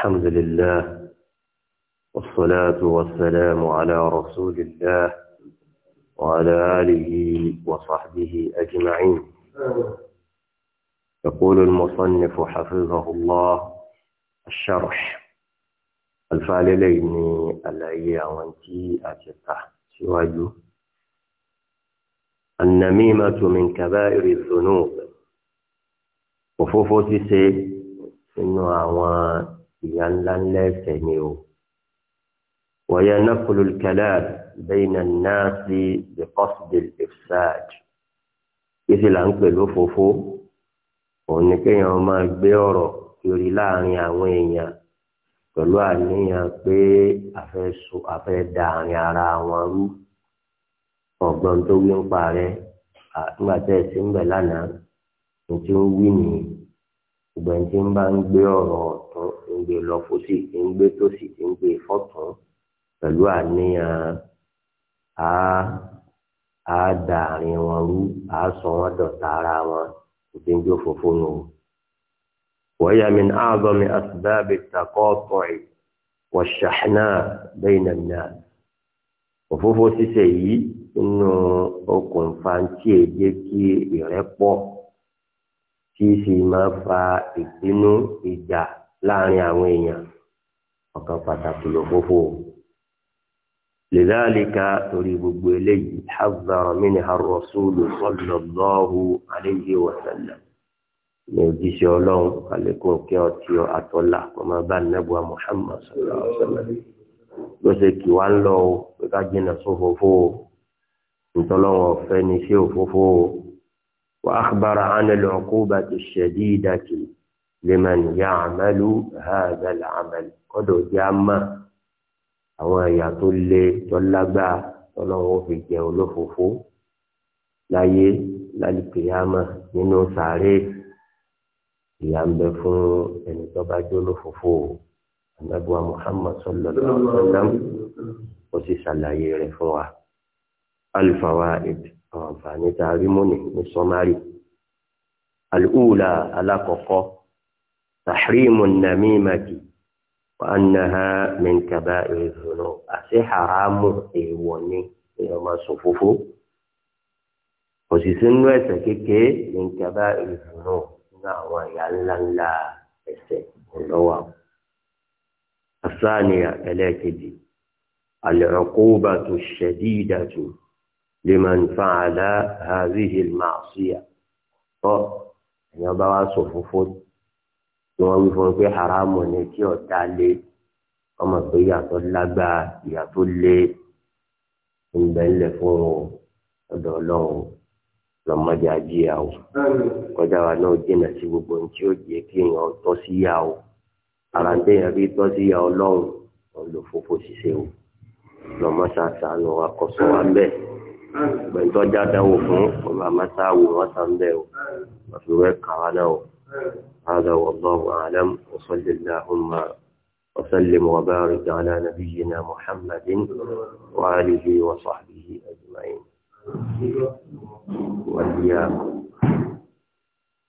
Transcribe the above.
الحمد لله والصلاة والسلام على رسول الله وعلى آله وصحبه أجمعين يقول المصنف حفظه الله الشرح الفعلين الأيا وانتي أتتا سواجه النميمة من كبائر الذنوب وفوفوتي سي إنه ìyá ńlá ńlá ẹ̀ṣẹ̀ ni o. wọ̀nyẹ naqulu al-kalam bayna an-nasi bi qasdi al-ifsad ìsì là ń pè lófòófó òun ni kéèyàn máa gbé ọ̀rọ̀ kiri láàrin àwọn èèyàn pẹ̀lú àníyàn pé àfẹ́ da àárín ara wọn rú ọ̀gbọ́n tó wí ń parẹ́ nígbà tẹ́ ẹ̀ sí ń bẹ̀ lánàá ní tí ń wí nìyí. ṣùgbọ́n ẹni tí ń bá ń gbé ọ̀rọ̀ ọ̀tún ń gbé lọ fósì ń gbé tósì ń gbé fọ́tún pẹ̀lú àníyàn á á da àárín wọn rú á sọ wọn dọ̀tá ara wọn ìdí ń jó fòfó nù. وهي من أعظم أسباب التقاطع والشحناء بين الناس òfófó ṣíṣe yìí nínú okùnfà tí tí sì máa fa ìbínú ìjà láàrin àwọn èèyàn ọ̀kan pàtàkì lòfófó lidhalika torí gbogbo eléyìí hazzara minha rasulu sallallahu alayhi wa sallam ní òjíṣẹ́ ọlọ́run alẹ́kùn kí ọtí àtọ́là ọmọ bá nẹ́bùa Muhammad sallallahu alayhi ló ṣe kí wá lọ o pé ká jìnnà sófófó o ntọ́lọ́wọ́n ní sí òfófó o. وأخبر عن العقوبة الشديدة لمن يعمل هذا العمل قدو جامع àwọn ẹ̀yà tó le tó lágbáà tọ́lọ́wọ́ fi jẹ olófòfó láyé lálùkìyàmà nínú sàárè ìyà ń bẹ fún ẹni tó bá jẹ olófòfó anabiwa muhammad sallallahu alaihi wa sallam ó sì ṣàlàyé rẹ̀ fún wa alfawaid àwọn àǹfààní tá a rí múni ní sọmárì alùhùlà alákọ̀ọ́kọ́ tahrimu namimati wa annaha min kaba'ir dhunub àti haramu èèwọ̀ ni èèyàn máa sọ fúfú òṣìṣẹ́ nínú ẹ̀ṣẹ̀ kékeré min kaba'ir dhunub àwọn ẹ̀yà ńláńlá ẹ̀ṣẹ̀ ọ̀lọ́wà. الثانية الأكدي العقوبة الشديدة liman fa'ala hadhihi al-ma'siyah tọ́ èèyàn bá wá sọ fúnfún tí wọ́n wí fún un pé haramu ni kí ọ̀tá lé ọmọ pé ìyàtọ̀ lágbára ìyàtọ̀ lé ńbẹ ńlẹ̀ fún ọ̀dọ̀ ọlọ́run lọ́mọdé ajíyà o kọjá wa náà jìnnà sí gbogbo ohun ó jẹ́ kí èèyàn tọ́ sí yà o ara ń tẹ̀yàn bí tọ́ sí yà ọlọ́run wọn ṣiṣẹ́ o lọ́mọ ṣàṣàánú wa kọ́ sọ wa bẹ́ẹ̀. gbẹ̀ntọ́ jáde wò fún ọba amasa wò wọ́n sàn bẹ́ẹ̀ o wọ́n fi wẹ́ kàwá náà o. هذا والله أعلم وصل اللهم وسلم وبارك على نبينا محمد وآله وصحبه أجمعين وإياكم